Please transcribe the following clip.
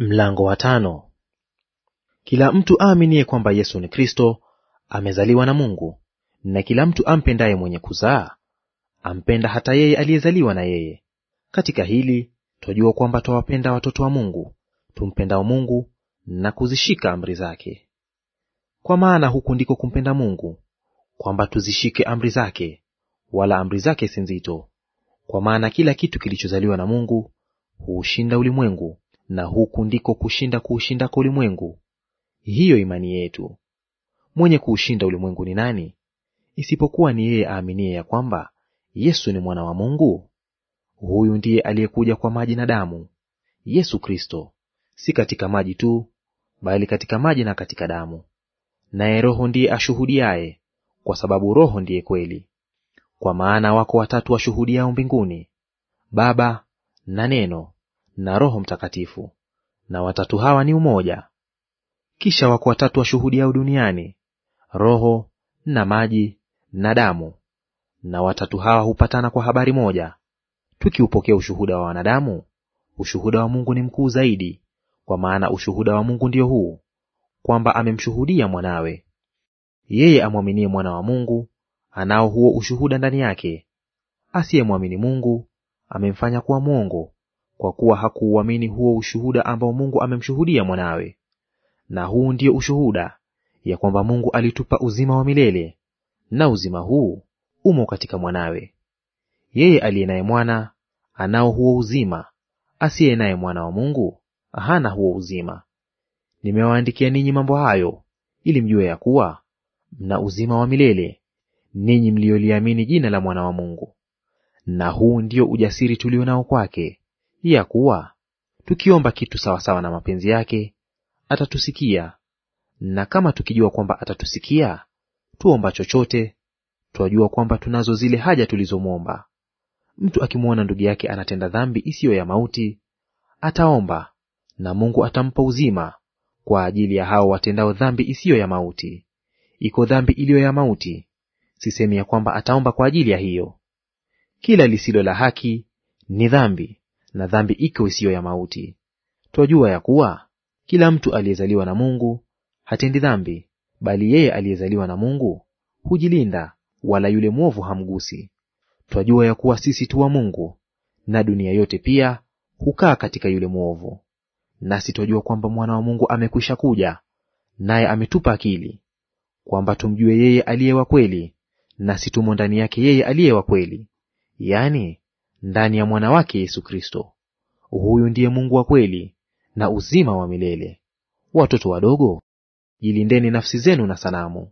Mlango wa tano. Kila mtu aaminiye kwamba Yesu ni Kristo amezaliwa na Mungu, na kila mtu ampendaye mwenye kuzaa ampenda hata yeye aliyezaliwa na yeye. Katika hili twajua kwamba twawapenda watoto wa Mungu, tumpendao Mungu na kuzishika amri zake. Kwa maana huku ndiko kumpenda Mungu, kwamba tuzishike amri zake, wala amri zake si nzito. Kwa maana kila kitu kilichozaliwa na Mungu huushinda ulimwengu na huku ndiko kushinda kuushindako ulimwengu, hiyo imani yetu. Mwenye kuushinda ulimwengu ni nani, isipokuwa ni yeye aaminie ya kwamba Yesu ni mwana wa Mungu? Huyu ndiye aliyekuja kwa maji na damu, Yesu Kristo, si katika maji tu, bali katika maji na katika damu. Naye Roho ndiye ashuhudiaye, kwa sababu Roho ndiye kweli. Kwa maana wako watatu washuhudiao mbinguni, Baba na Neno na Roho Mtakatifu, na watatu hawa ni umoja. Kisha wako watatu washuhudiao duniani, roho na maji na damu, na watatu hawa hupatana kwa habari moja. Tukiupokea ushuhuda wa wanadamu, ushuhuda wa Mungu ni mkuu zaidi, kwa maana ushuhuda wa Mungu ndio huu, kwamba amemshuhudia mwanawe. Yeye amwaminie mwana wa Mungu anao huo ushuhuda ndani yake. Asiyemwamini Mungu amemfanya kuwa mwongo, kwa kuwa hakuuamini huo ushuhuda ambao Mungu amemshuhudia mwanawe. Na huu ndio ushuhuda ya kwamba Mungu alitupa uzima wa milele, na uzima huu umo katika mwanawe. Yeye aliye naye mwana anao huo uzima, asiye naye mwana wa Mungu hana huo uzima. Nimewaandikia ninyi mambo hayo ili mjue ya kuwa mna uzima wa milele, ninyi mlioliamini jina la mwana wa Mungu. Na huu ndio ujasiri tulio nao kwake ya kuwa tukiomba kitu sawasawa na mapenzi yake atatusikia. Na kama tukijua kwamba atatusikia tuomba chochote, twajua kwamba tunazo zile haja tulizomwomba. Mtu akimwona ndugu yake anatenda dhambi isiyo ya mauti, ataomba na Mungu atampa uzima kwa ajili ya hao watendao dhambi isiyo ya mauti. Iko dhambi iliyo ya mauti, sisemi ya kwamba ataomba kwa ajili ya hiyo. Kila lisilo la haki ni dhambi, na dhambi iko isiyo ya mauti. Twajua ya kuwa kila mtu aliyezaliwa na Mungu hatendi dhambi, bali yeye aliyezaliwa na Mungu hujilinda, wala yule mwovu hamgusi. Twajua ya kuwa sisi tu wa Mungu, na dunia yote pia hukaa katika yule mwovu. Nasi twajua kwamba mwana wa Mungu amekwisha kuja, naye ametupa akili kwamba tumjue yeye aliye wa kweli, nasi tumo ndani yake yeye aliye wa kweli, yaani ndani ya mwana wake Yesu Kristo. Huyu ndiye Mungu wa kweli na uzima wa milele. Watoto wadogo, jilindeni nafsi zenu na sanamu.